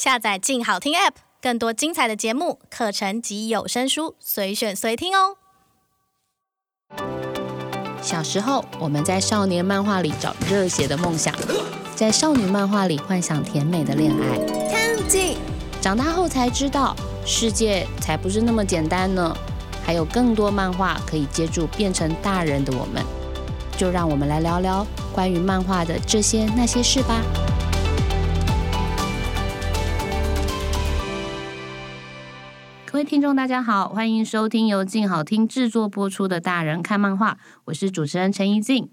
下載“靜好聽 ”App，更多精彩的節目、課程及有聲書，隨選隨聽哦。小時候，我們在少年漫畫裡找熱血的夢想，在少女漫畫裡幻想甜美的戀愛。長大後才知道，世界才不是那麼簡單呢。還有更多漫畫可以接住，變成大人的我們，就讓我們來聊聊關於漫畫的這些那些事吧。聽眾大家好，歡迎收聽由靜好聽製作播出的《大人看漫畫》，我是主持人陳怡靜。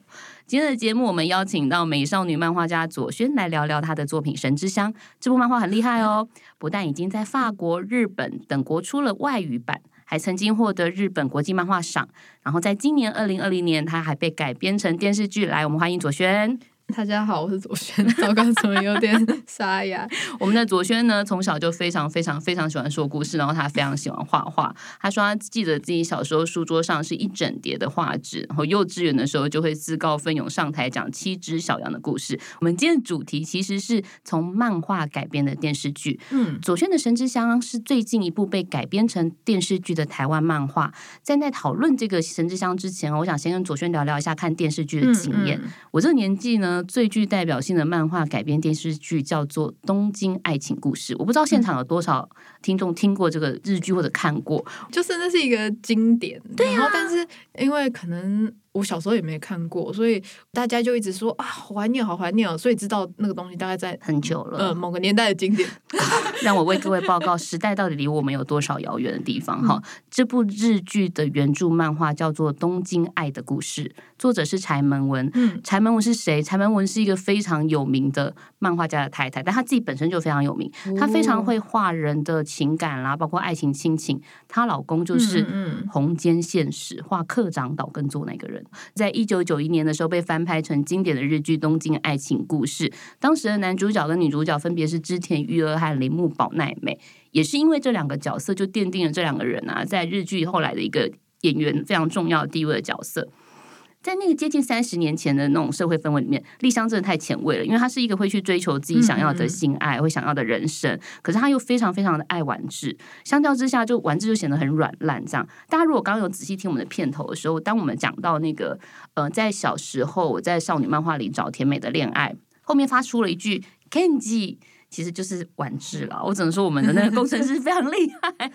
今天的節目，我們邀請到美少女漫畫家左萱來聊聊她的作品《神之鄉》。這部漫畫很厲害哦，不但已經在法國、日本等國出了外語版，還曾經獲得日本國際漫畫賞。然後，在今年二零二零年，他還被改編成電視劇。來，我們歡迎左萱。大家好，我是左萱。我剛剛怎麼有點沙啞 眼？我們的左萱呢，從小就非常非常非常喜歡說故事，然後他非常喜歡畫畫。他說他記得自己小時候書桌上是一整疊的畫紙，然後幼稚園的時候就會自告奮勇上台講七只小羊的故事。我們今天的主題其實是從漫畫改編的電視劇。嗯，左萱的《神之鄉》是最近一部被改編成電視劇的台灣漫畫。在在討論這個《神之鄉》之前，我想先跟左萱聊聊一下看電視劇的經驗。嗯嗯、我這個年紀呢。最具代表性的漫畫改編電視劇叫做《東京愛情故事》，我不知道現場有多少聽眾聽過這個日劇或者看過，就是那是一個經典。對啊。然後但是因為可能。我小時候也沒看過，所以大家就一直說啊，好懷念，好懷念啊！所以知道那個東西大概在很久了，呃，某個年代的經典。 讓我為各位報告，時代到底離我們有多少遙遠的地方？哈、嗯，這部日劇的原著漫畫叫做《東京愛的故事》，作者是柴門文。嗯、柴門文是誰？柴門文是一個非常有名的漫畫家的太太，但她自己本身就非常有名，哦、她非常會畫人的情感啦，包括愛情、親情。她老公就是弘兼憲史畫課、嗯嗯嗯、長島耕作那個人。在一九九一年的時候，被翻拍成經典的日劇《東京愛情故事》。當時的男主角跟女主角分別是織田裕二和鈴木保奈美，也是因為這兩個角色，就奠定了這兩個人啊，在日劇後來的一個演員非常重要的地位的角色。在那個接近三十年前的那種社會氛圍裡面，麗香真的太前衛了，因為她是一個會去追求自己想要的心愛、嗯、哼會想要的人生，可是她又非常非常的愛完治，相較之下就完治就顯得很軟爛這樣。大家如果剛剛有仔細聽我們的片頭的時候，當我們講到那個呃在小時候我在少女漫畫裡找甜美的戀愛，後面發出了一句 Kenji 其實就是完治了，我只能說我們的那個工程師非常厲害。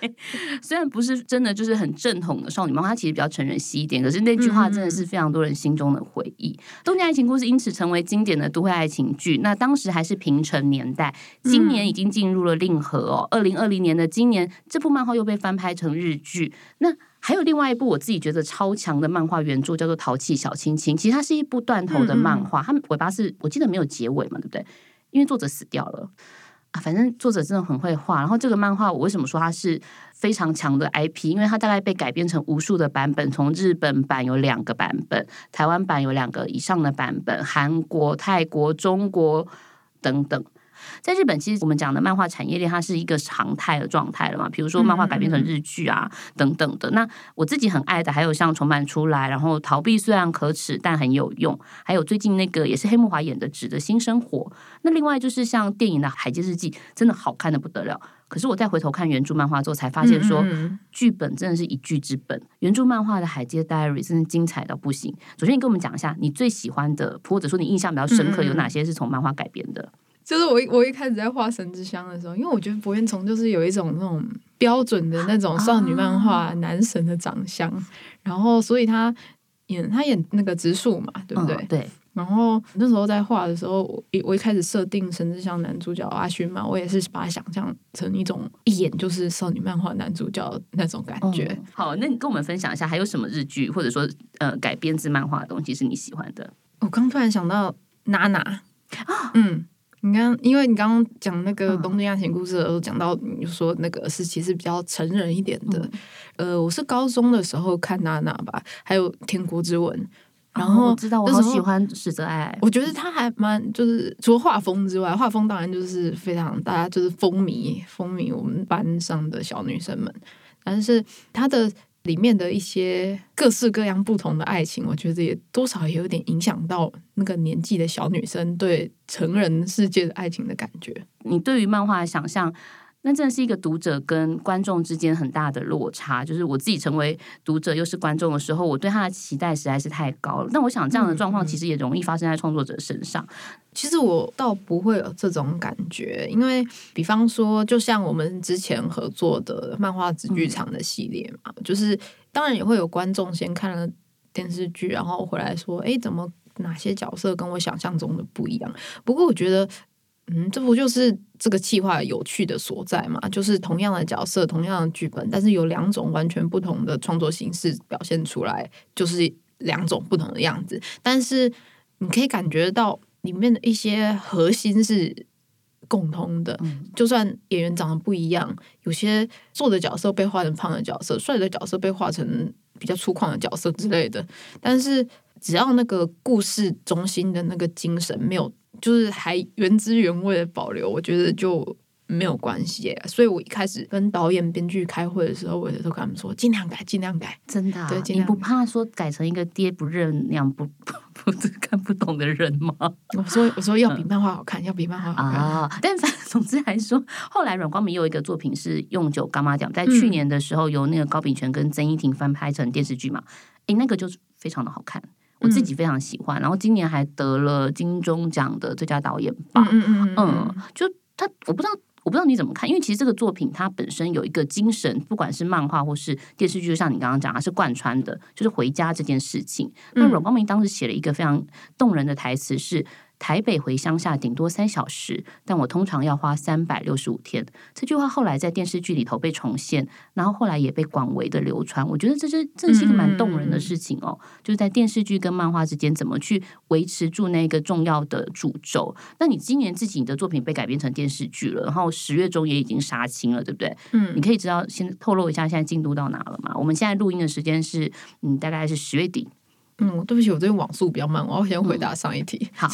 雖然不是真的，就是很正統的少女漫畫，它其實比較成人系一點。可是那句話真的是非常多人心中的回憶。東京、嗯嗯、愛情故事因此成為經典的都會愛情劇。那當時還是平成年代，今年已經進入了令和哦。二零二零年的今年，這部漫畫又被翻拍成日劇。那還有另外一部我自己覺得超強的漫畫原著叫做《淘氣小親親》，其實它是一部斷頭的漫畫，它尾巴是我記得沒有結尾嘛，對不對？因為作者死掉了，啊，反正作者真的很會畫。然後這個漫畫我為什麼說它是非常強的 IP？因為它大概被改編成無數的版本，從日本版有兩個版本，台灣版有兩個以上的版本，韓國、泰國、中國等等。在日本，其實我們講的漫畫產業鏈，它是一個常態的狀態了嘛？比如說漫畫改編成日劇啊，嗯嗯等等的。那我自己很愛的，還有像重版出來，然後逃避雖然可恥，但很有用。還有最近那個也是黑木華演的《紙的，紙的新生活》。那另外就是像電影的《海街日記》，真的好看的不得了。可是我再回頭看原著漫畫之後，才發現說，嗯嗯嗯劇本真的是一劇之本。原著漫畫的《海街 Diary》真的精彩到不行。首先，你跟我們講一下你最喜歡的，或者說你印象比較深刻有哪些是從漫畫改編的？嗯嗯就是我一我一開始在畫神之鄉的時候，因為我覺得柏原崇就是有一種那種標準的那種少女漫畫男神的長相，啊、然後所以他演他演那個直樹嘛，對不對？哦、對。然後那時候在畫的時候，我一我一開始設定神之鄉男主角阿勳嘛，我也是把他想象成一種一眼就是少女漫畫男主角那種感覺。哦。好，那你跟我們分享一下，還有什麼日劇或者說呃改編自漫畫的東西是你喜歡的？我剛突然想到娜娜啊，嗯。你剛因為你剛剛講那個東京愛情故事的時候，嗯、講到你就說那個是其實比較成人一點的。嗯、呃，我是高中的時候看娜娜吧，還有天國之吻。然後知道我是喜歡矢澤愛，我覺得他還蠻就是除了畫風之外，畫風當然就是非常大家就是風靡風靡我們班上的小女生們，但是他的。裡面的一些各式各樣不同的愛情，我覺得也多少也有點影響到那個年紀的小女生對成人世界的愛情的感覺，你對於漫畫的想象？那真的是一個讀者跟觀眾之間很大的落差，就是我自己成為讀者又是觀眾的時候，我對他的期待實在是太高了。那我想這樣的狀況其實也容易發生在創作者身上。嗯嗯、其實我倒不會有這種感覺，因為比方說，就像我們之前合作的漫畫植劇場的系列嘛，嗯、就是當然也會有觀眾先看了電視劇，然後回來說：“誒，怎麼哪些角色跟我想象中的不一樣？”不過我覺得。嗯，這不就是這個企劃有趣的所在嘛？就是同樣的角色、同樣的劇本，但是有兩種完全不同的創作形式表現出來，就是兩種不同的樣子。但是你可以感覺到裡面的一些核心是共通的，嗯、就算演員長得不一樣，有些瘦的角色被畫成胖的角色，帥的角色被畫成比較粗獷的角色之類的，但是。只要那個故事中心的那個精神沒有，就是還原汁原味的保留，我覺得就沒有關係。所以我一開始跟導演編劇開會的時候，我也都跟他們說，盡量改，盡量改。真的、啊，你不怕說改成一個爹不認娘不不，不，不看不懂的人嗎？我說我說要比漫畫好看，嗯、要比漫畫好看啊。哦、但反總之來說，後來阮光民又有一個作品是《用九柑仔店》，在去年的時候由那個高炳權跟曾英庭翻拍成電視劇嘛。哎、嗯欸，那個就是非常的好看。我自己非常喜歡，嗯、然後今年還得了金鐘獎的最佳導演吧。嗯,嗯,嗯,嗯,嗯,嗯就他，我不知道，我不知道你怎麼看，因為其實這個作品它本身有一個精神，不管是漫畫或是電視劇，就像你剛剛講，它是貫穿的，就是回家這件事情。那阮光民當時寫了一個非常動人的台詞是。台北回鄉下頂多三小時，但我通常要花三百六十五天。這句話後來在電視劇裡頭被重現，然後後來也被廣為的流傳。我覺得這是這是一個蠻動人的事情哦，嗯、就是在電視劇跟漫畫之間怎麼去維持住那個重要的主軸。那你今年自己你的作品被改編成電視劇了，然後十月中也已經殺青了，對不對？嗯，你可以知道先透露一下現在進度到哪了嘛？我們現在錄音的時間是嗯，大概是十月底。嗯，對不起，我這邊網速比較慢，我要先回答上一題。嗯、好，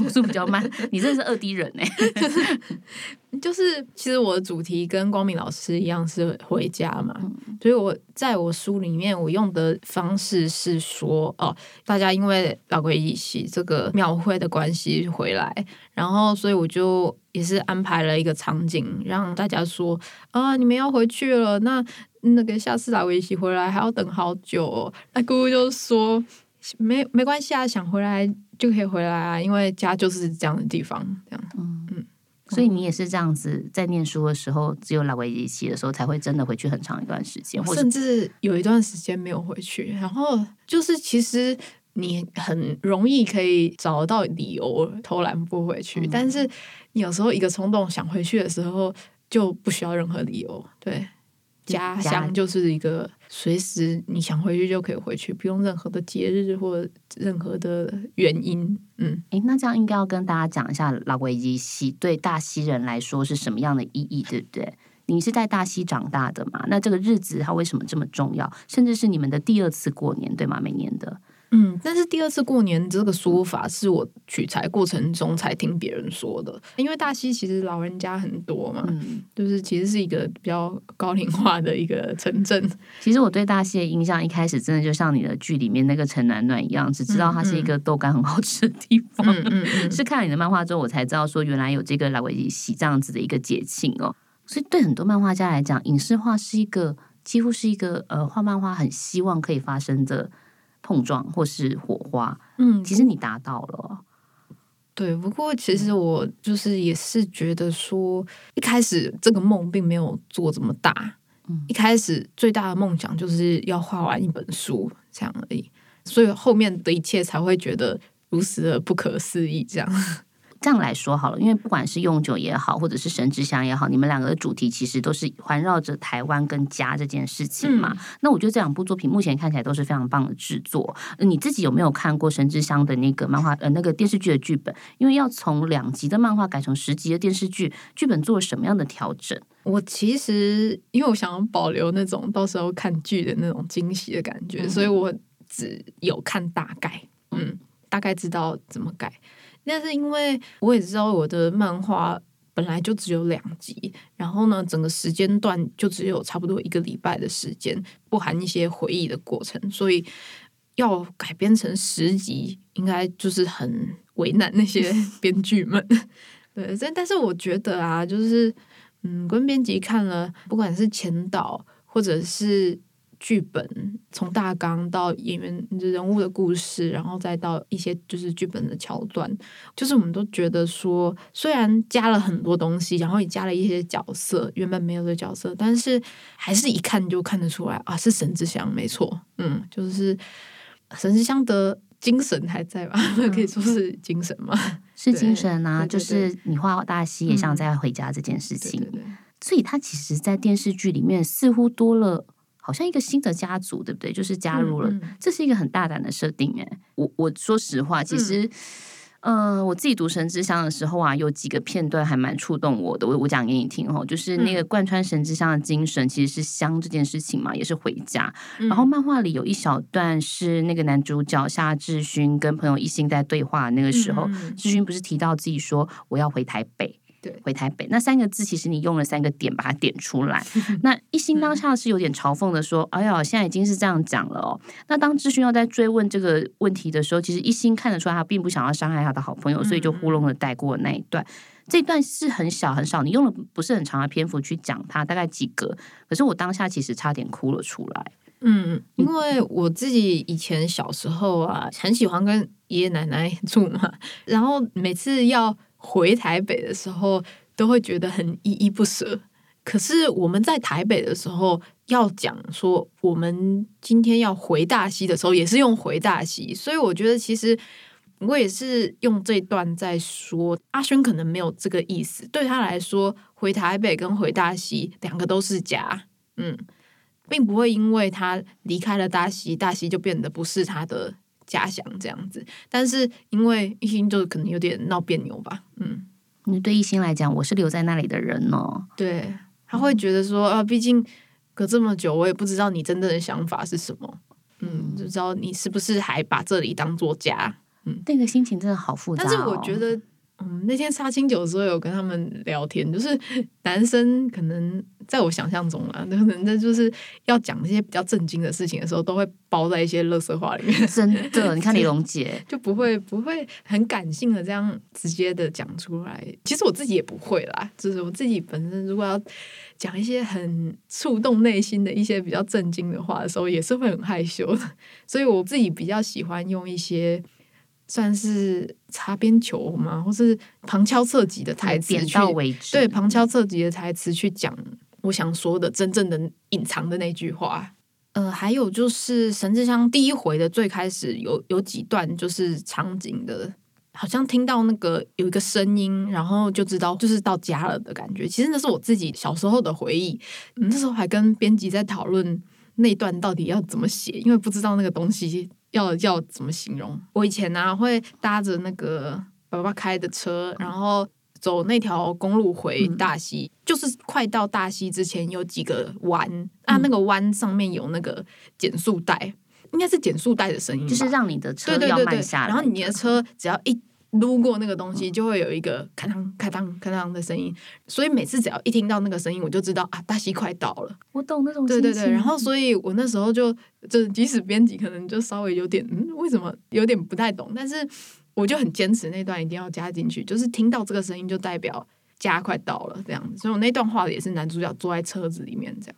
網速比較慢， 你真是二 D 人呢、欸？ 就是其實我的主題跟光明老師一樣是回家嘛，嗯、所以我在我書裡面我用的方式是說哦，大家因為老歸一起這個廟會的關係回來，然後所以我就也是安排了一個場景讓大家說啊，你們要回去了，那那個下次老歸一起回來還要等好久哦。那姑姑就說，沒沒關係啊，想回來就可以回來啊，因為家就是這樣的地方，這樣。嗯 所以你也是這樣子，在念書的時候，只有拉維機期的時候才會真的回去很長一段時間，甚至有一段時間沒有回去。然後就是，其實你很容易可以找到理由偷懶不回去，嗯、但是你有時候一個衝動想回去的時候，就不需要任何理由，對。家鄉就是一個隨時你想回去就可以回去，不用任何的節日或任何的原因。嗯，誒、欸，那這樣應該要跟大家講一下老規矩西對大溪人來說是什麼樣的意義，對不對？你是在大溪長大的嘛？那這個日子它為什麼這麼重要？甚至是你們的第二次過年，對嗎？每年的。嗯，但是第二次過年這個說法是我取材過程中才聽別人說的，因為大溪其實老人家很多嘛，嗯、就是其實是一個比較高齡化的一個城鎮。其實我對大溪的印象一開始真的就像你的劇裡面那個陳暖暖一樣，嗯、只知道它是一個豆乾很好吃的地方。是看了你的漫畫之後，我才知道說原來有這個來維喜這樣子的一個節慶哦。所以對很多漫畫家來講，影視化是一個幾乎是一個呃畫漫畫很希望可以發生的碰撞或是火花，嗯，其實你達到了、嗯。對，不過其實我就是也是覺得說，一開始這個夢並沒有做這麼大，嗯，一開始最大的夢想就是要畫完一本書這樣而已，所以後面的一切才會覺得如此的不可思議，這樣。這樣來說好了，因為不管是用酒也好，或者是神之香也好，你們兩個的主題其實都是環繞着台灣跟家這件事情嘛。嗯、那我覺得這兩部作品目前看起來都是非常棒的制作。呃、你自己有沒有看過《神之香的那個漫畫？呃，那個電視劇的劇本？因為要從兩集的漫畫改成十集的電視劇，劇本做了什麼樣的調整？我其實因為我想保留那種到時候看劇的那種驚喜的感覺，嗯、所以我只有看大概，嗯，嗯大概知道怎麼改。但是因為我也知道我的漫畫本來就只有兩集，然後呢，整個時間段就只有差不多一個禮拜的時間，不含一些回憶的過程，所以要改編成十集，應該就是很為難那些編劇們。 對，但但是我覺得啊，就是嗯，跟編輯看了，不管是前導或者是。劇本從大綱到演員人物的故事，然後再到一些就是劇本的橋段，就是我們都覺得說，雖然加了很多東西，然後也加了一些角色原本沒有的角色，但是還是一看就看得出來啊，是神之鄉。沒錯，嗯，就是神之鄉的精神還在吧，嗯、可以說是精神嗎？是精神啊，對就是你畫大溪也想再回家這件事情，嗯、對對對，所以他其實，在電視劇裡面似乎多了。好像一個新的家族，對不對？就是加入了，嗯嗯，這是一個很大膽的設定。哎，我我說實話，其實，嗯、呃，我自己讀《神之香》的時候啊，有幾個片段還蠻觸動我的。我我講給你聽哦，就是那個貫穿《神之香》的精神，其實是香這件事情嘛，也是回家。嗯、然後漫畫裡有一小段是那個男主角夏志勳跟朋友一心在對話，那個時候志、嗯嗯、勳不是提到自己說，我要回台北。對，回台北那三個字，其實你用了三個點把它點出來。 那一心當下是有點嘲諷的說：“ 哎呀，現在已經是這樣講了哦。”那當志勳要在追問這個問題的時候，其實一心看得出來他並不想要傷害他的好朋友，所以就糊弄的帶過那一段。嗯、這一段是很小很少，你用了不是很長的篇幅去講他大概幾格。可是我當下其實差點哭了出來。嗯，因為我自己以前小時候啊，很喜歡跟爺爺奶奶住嘛，然後每次要。回台北的時候都會覺得很依依不捨，可是我們在台北的時候要講說我們今天要回大溪的時候也是用回大溪，所以我覺得其實我也是用這段在說阿萱可能沒有這個意思，對他來說回台北跟回大溪兩個都是家，嗯，並不會因為他離開了大溪，大溪就變得不是他的。家鄉這樣子，但是因為一心，就可能有點鬧彆扭吧，嗯，你對一心來講，我是留在那裡的人哦。對，他會覺得說，嗯、啊，畢竟隔這麼久，我也不知道你真正的想法是什麼，嗯，就知道你是不是還把這裡當做家，嗯，那個心情真的好複雜，哦，但是我覺得，嗯，那天殺青酒的時候有跟他們聊天，就是男生可能。在我想象中啊，那人家就是要講一些比較震驚的事情的時候，都會包在一些垃圾話裡面。真的，你看李隆傑就不會不會很感性的這樣直接的講出來。其實我自己也不會啦，就是我自己本身如果要講一些很觸動內心的一些比較震驚的話的時候，也是會很害羞的。所以我自己比較喜歡用一些算是擦邊球嘛，或是旁敲側擊的台詞，點到為止。對，旁敲側擊的台詞去講。我想說的真正的隱藏的那句話，呃，還有就是神之鄉第一回的最開始有有幾段就是場景的，好像聽到那個有一個聲音，然後就知道就是到家了的感覺。其實那是我自己小時候的回憶，嗯，那時候還跟編輯在討論那段到底要怎麼寫，因為不知道那個東西要要怎麼形容。我以前呢，啊，會搭着那個爸爸開的車，然後。走那條公路回大溪，嗯、就是快到大溪之前有幾個彎，嗯、啊，那個彎上面有那個減速帶，應該是減速帶的聲音，就是讓你的車要慢下來，對對對。然後你的車只要一路過那個東西，就會有一個咔當咔當咔當的聲音。所以每次只要一聽到那個聲音，我就知道啊，大溪快到了。我懂那種對對對。然後，所以我那時候就就即使編輯可能就稍微有點嗯，為什麼有點不太懂，但是。我就很堅持那段一定要加進去，就是聽到這個聲音就代表家快到了這樣子，所以我那段話也是男主角坐在車子裡面這樣。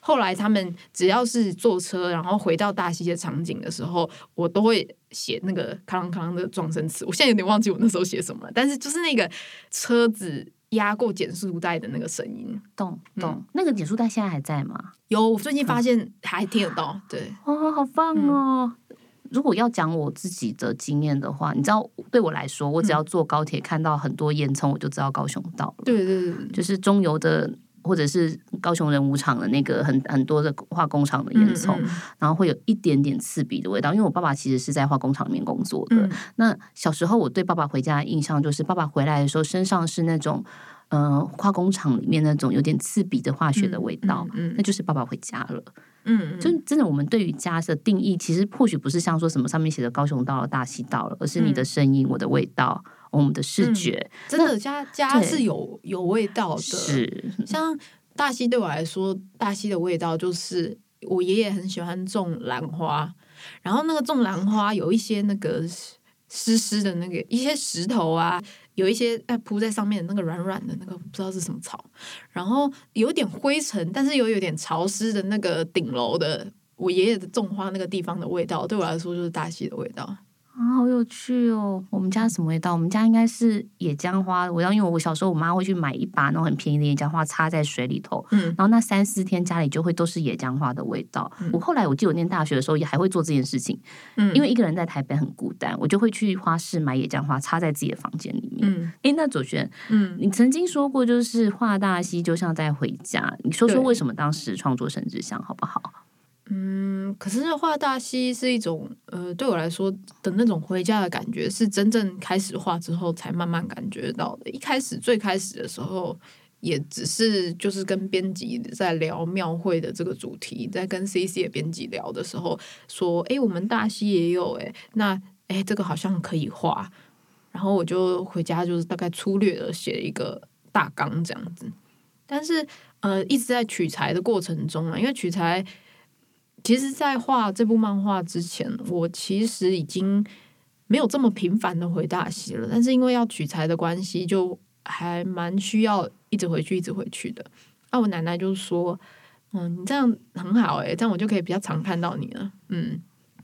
後來他們只要是坐車，然後回到大溪的場景的時候，我都會寫那個“康康”的狀聲詞。我現在有點忘記我那時候寫什麼了，但是就是那個車子壓過減速帶的那個聲音，咚咚。嗯、那個減速帶現在還在嗎？有，我最近發現還聽得到。嗯、對，哇、哦，好棒哦！嗯如果要講我自己的經驗的話，你知道，對我來說，我只要坐高鐵、嗯、看到很多煙囪，我就知道高雄到了。對對對，就是中油的，或者是高雄仁武廠的那個很很多的化工廠的煙囪，嗯嗯，然後會有一點點刺鼻的味道。因為我爸爸其實是在化工廠裡面工作的。嗯、那小時候我對爸爸回家的印象就是，爸爸回來的時候身上是那種。呃，化工廠裡面那種有點刺鼻的化學的味道，嗯，嗯嗯，那就是爸爸回家了，嗯，嗯就真的，我們對於家的定義，其實或許不是像說什麼上面寫的高雄到了、大溪到了，而是你的聲音，嗯、我的味道，我們的視覺，嗯、真的家家是有對有味道的，是、嗯、像大溪對我來說，大溪的味道就是我爺爺很喜歡種蘭花，然後那個種蘭花有一些那個濕濕的，那個一些石頭啊，有一些哎，鋪在上面的那個軟軟的那個不知道是什麼草，然後有點灰塵，但是又有點潮濕的那個頂樓的我爺爺的種花那個地方的味道，對我來說就是大溪的味道。啊，好有趣哦！我們家什麼味道？我們家應該是野薑花我要，因為我小時候我媽會去買一把那種很便宜的野薑花插在水裡頭，嗯、然後那三四天家裡就會都是野薑花的味道。嗯、我後來我記得我念大學的時候也還會做這件事情，嗯、因為一個人在台北很孤單，我就會去花市買野薑花插在自己的房間裡面。誒、嗯，哎、欸，那左萱，嗯、你曾經說過就是畫大溪就像在回家，你說說為什麼當時創作神之鄉對好不好？嗯，可是這畫大溪是一種呃，對我來說的那種回家的感覺，是真正開始畫之後才慢慢感覺到的。一開始最開始的時候，也只是就是跟編輯在聊廟會的這個主題，在跟 C C 的編輯聊的時候說，哎、欸，我們大溪也有，哎，那哎、欸，這個好像可以畫。然後我就回家，就是大概粗略的寫了一個大綱這樣子。但是呃，一直在取材的過程中啊，因為取材。其實，在畫這部漫畫之前，我其實已經沒有這麼頻繁的回大溪了。但是因為要取材的關係，就還蠻需要一直回去，一直回去的。那、啊、我奶奶就說：“嗯，你這樣很好、欸，誒，這樣我就可以比較常看到你了。”嗯，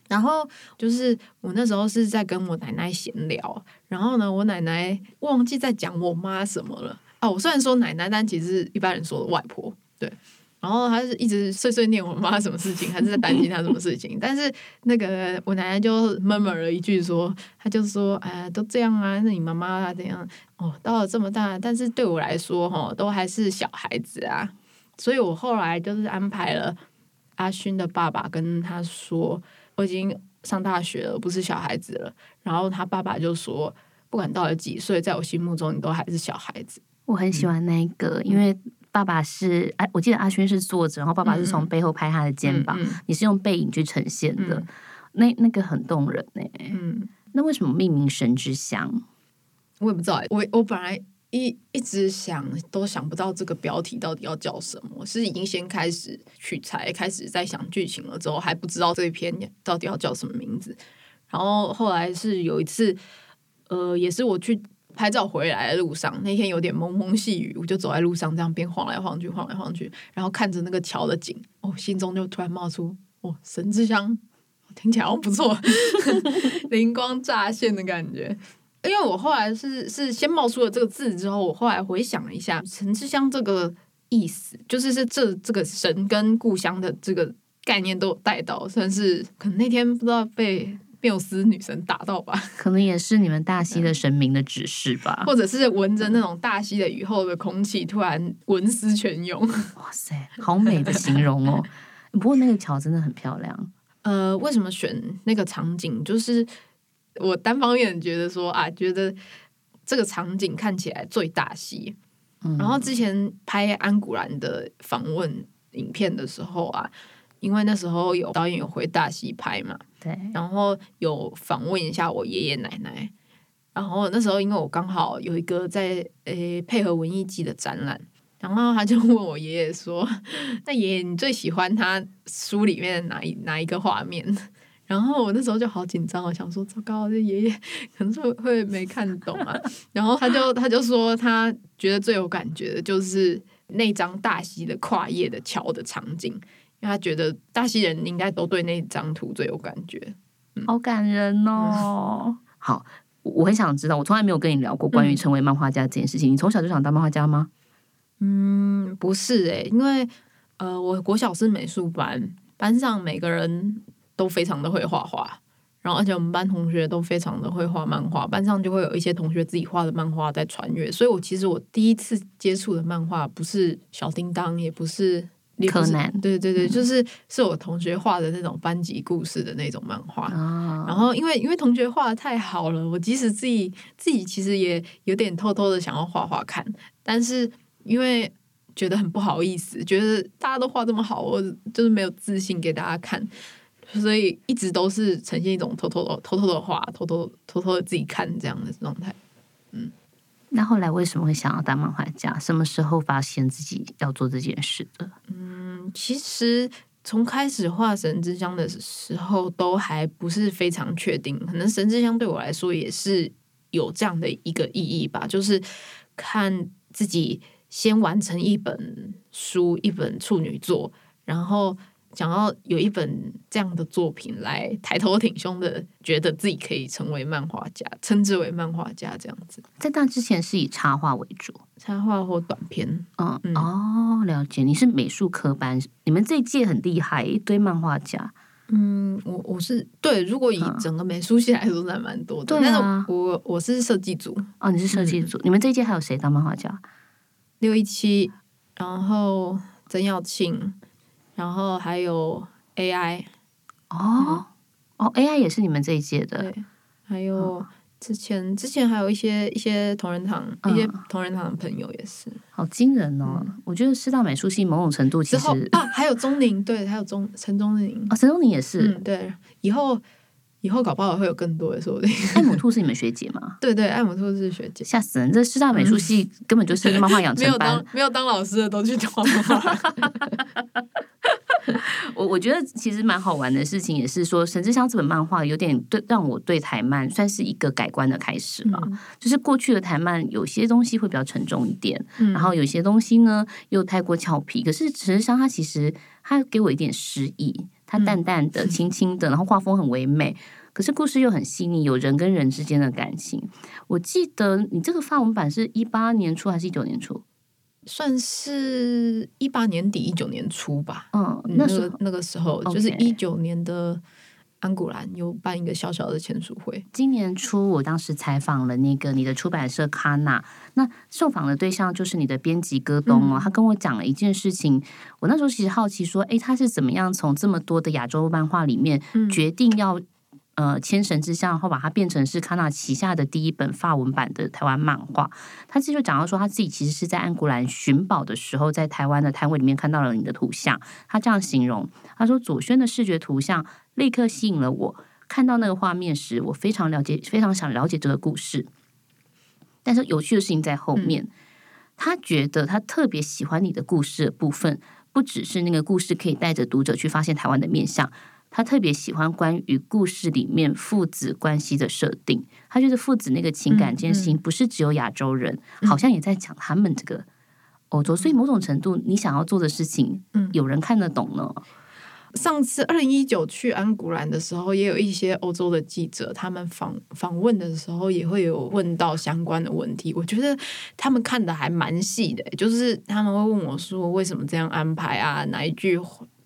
然後就是我那時候是在跟我奶奶閒聊，然後呢，我奶奶忘記在講我媽什麼了。哦、啊，我雖然說奶奶，但其實一般人說的外婆，對。然後他是一直碎碎念我媽什麼事情，還是在擔心他什麼事情。 但是那個我奶奶就悶悶了一句說：“他就說，哎，都這樣啊，是你媽媽怎、啊、樣？哦，到了這麼大，但是對我來說，哈，都還是小孩子啊。所以我後來就是安排了阿勳的爸爸跟他說，我已經上大學了，不是小孩子了。然後他爸爸就說，不管到了幾歲，在我心目中你都還是小孩子。我很喜歡那個，嗯、因為。”爸爸是哎，我記得阿軒是坐着，然後爸爸是從背後拍他的肩膀。你、嗯嗯嗯、是用背影去呈現的，嗯、那那個很動人呢。嗯，那為什麼命名神之鄉？我也不知道哎，我我本來一一直想都想不到這個標題到底要叫什麼，我是已經先開始取材，開始在想劇情了之後，還不知道這一篇到底要叫什麼名字。然後後來是有一次，呃，也是我去。拍照回來的路上，那天有點濛濛細雨，我就走在路上，這樣邊晃來晃去，晃來晃去，然後看着那個橋的景，哦，心中就突然冒出，哦，神之鄉，聽起來好不錯，靈 光乍現的感覺。因為我後來是是先冒出了這個字，之後我後來回想了一下“神之鄉”這個意思，就是是這這個神跟故鄉的這個概念都有帶到，算是可能那天不知道被。繆斯女神打到吧，可能也是你們大溪的神明的指示吧，或者是聞着那種大溪的雨後的空氣，突然文思泉湧。哇塞，好美的形容哦！ 不過那個橋真的很漂亮。呃，為什麼選那個場景？就是我單方面覺得說啊，覺得這個場景看起來最大溪。嗯，然後之前拍安古蘭的訪問影片的時候啊，因為那時候有導演有回大溪拍嘛。對，然後有訪問一下我爺爺奶奶，然後那時候因為我剛好有一個在誒、欸、配合文藝季的展覽，然後他就問我爺爺說：“那爺爺你最喜歡他書裡面哪一哪一個畫面？”然後我那時候就好緊張，我想說：“糟糕，這爺爺可能是會沒看懂啊。” 然後他就他就說他覺得最有感覺的就是那張大溪的跨頁的橋的場景。因為他覺得大溪人應該都對那張圖最有感覺，嗯、好感人哦、嗯。好，我很想知道，我從來沒有跟你聊過關於成為漫畫家這件事情。嗯、你從小就想當漫畫家嗎？嗯，不是誒、欸，因為呃，我國小是美術班，班上每個人都非常的會畫畫，然後而且我們班同學都非常的會畫漫畫，班上就會有一些同學自己畫的漫畫在傳閱，所以我其實我第一次接觸的漫畫不是小叮噹，也不是柯南，對對對，嗯、就是是我同學畫的那種班級故事的那種漫畫。哦、然後因為因為同學畫得太好了，我即使自己自己其實也有點偷偷的想要畫畫看，但是因為覺得很不好意思，覺得大家都畫這麼好，我就是沒有自信給大家看，所以一直都是呈現一種偷偷的偷、偷偷的畫，偷偷偷偷的自己看這樣的狀態，嗯。那後來為什麼會想要當漫畫家？什麼時候發現自己要做這件事的？嗯，其實從開始畫神之鄉的時候，都還不是非常確定。可能神之鄉對我來說也是有這樣的一個意義吧，就是看自己先完成一本書，一本處女作，然後。想要有一本這樣的作品來抬頭挺胸的，覺得自己可以成為漫畫家，稱之為漫畫家這樣子。在那之前是以插畫為主，插畫或短片。嗯，哦，了解。你是美術科班，你們這一屆很厲害，一堆漫畫家。嗯，我我是對。如果以整個美術系來說，那蠻多的。那種、嗯。我我是設計組。哦，你是設計組。嗯、你們這一屆還有誰當漫畫家？六一七，然後曾耀慶。然後還有 AI，哦，嗯、哦 AI 也是你們這一屆的，對，還有之前、哦、之前還有一些一些同仁堂、嗯、一些同仁堂的朋友也是，好驚人哦！嗯、我覺得師大美術系某種程度其實啊， 還有鍾林，對，還有鍾陳鍾林啊，陳鍾林、哦、陳鍾林也是、嗯，對，以後。以後搞不好會有更多的說不，艾姆兔是你們學姐嗎？ 對對，艾姆兔是學姐。嚇死人！這師大美術系根本就是漫畫養成班。 沒有當，沒有當老師的都去 我我覺得其實蠻好玩的事情也是說神之鄉，這本漫畫有點對，讓我對台漫算是一個改觀的開始吧。嗯、就是過去的台漫有些東西會比較沉重一點，嗯、然後有些東西呢又太過俏皮。可是神之鄉它其實它給我一點詩意。它淡淡的，輕輕，嗯、的，然後畫風很唯美，可是故事又很細膩，有人跟人之間的感情。我記得你這個發文版是一八年初還是一九年初？算是一八年底，一九年初吧。嗯，那時候、那個、那個時候 Okay 就是一九年的。安古蘭又辦一個小小的簽書會。今年初，我當時採訪了那個你的出版社卡納，那受訪的對象就是你的編輯戈東哦。嗯、他跟我講了一件事情，我那時候其實好奇說，哎、欸，他是怎麼樣從這麼多的亞洲漫畫裡面決定要、嗯、呃《神之鄉》，然後把它變成是卡納旗下的第一本法文版的台灣漫畫？他其實就講到說，他自己其實是在安古蘭尋寶的時候，在台灣的攤位裡面看到了你的圖像。他這樣形容，他說左萱的視覺圖像。立刻吸引了我。看到那個畫面時，我非常了解，非常想了解這個故事。但是有趣的事情在後面。嗯、他覺得他特別喜歡你的故事的部分，不只是那個故事可以帶着讀者去發現台灣的面相。他特別喜歡關於故事裡面父子關係的設定。他覺得父子那個情感這件事情，不是只有亞洲人，嗯嗯、好像也在講他們這個歐洲。所以某種程度，你想要做的事情，嗯、有人看得懂呢。上次二零一九去安古蘭的時候，也有一些歐洲的記者，他們訪訪問的時候也會有問到相關的問題。我覺得他們看的還蠻細的，就是他們會問我說，為什麼這樣安排啊？哪一句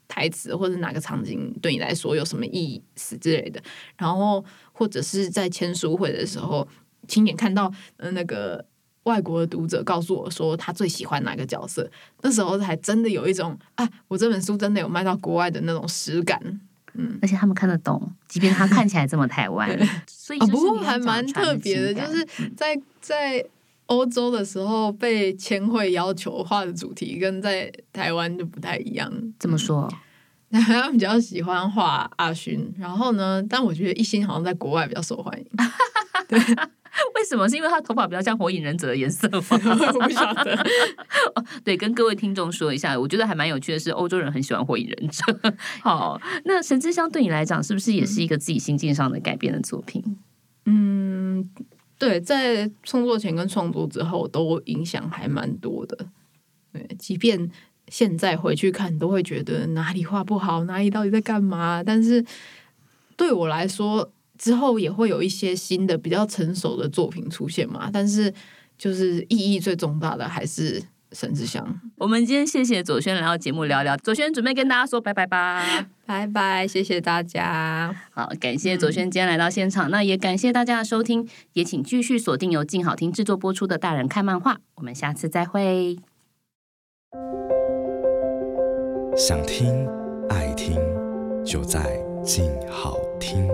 台詞或者哪個場景對你來說有什麼意思之類的。然後或者是在簽書會的時候，親眼看到那個。外國的讀者告訴我說，他最喜歡哪個角色？那時候還真的有一種啊，我這本書真的有賣到國外的那種實感，嗯，而且他們看得懂，即便他看起來這麼台灣， 所以、哦、不過還蠻特別的，就是在在歐洲的時候被千惠要求畫的主題，跟在台灣就不太一樣。怎麼說？ 他們比較喜歡畫阿勳，然後呢？但我覺得一心好像在國外比較受歡迎。 對 為什麼？是因為他頭髮比較像《火影忍者》的顏色嗎？ 我不曉得， 對，跟各位聽眾說一下，我覺得還蠻有趣的是，歐洲人很喜歡《火影忍者。》 好，那《神之鄉》對你來講是不是也是一個自己心境上的改變的作品？嗯，對，在創作前跟創作之後都影響還蠻多的。對，即便現在回去看，都會覺得哪裡畫不好，哪裡到底在幹嘛。但是對我來說。之後也會有一些新的比較成熟的作品出現嘛，但是就是意義最重大的還是神之鄉。嗯、我們今天謝謝左萱來到節目聊聊，左萱準備跟大家說拜拜吧， 拜拜，謝謝大家。好，感謝左萱今天來到現場，嗯、那也感謝大家的收聽，也請繼續鎖定由靜好聽制作播出的《大人看漫畫》，我們下次再會。想聽愛聽，就在靜好聽。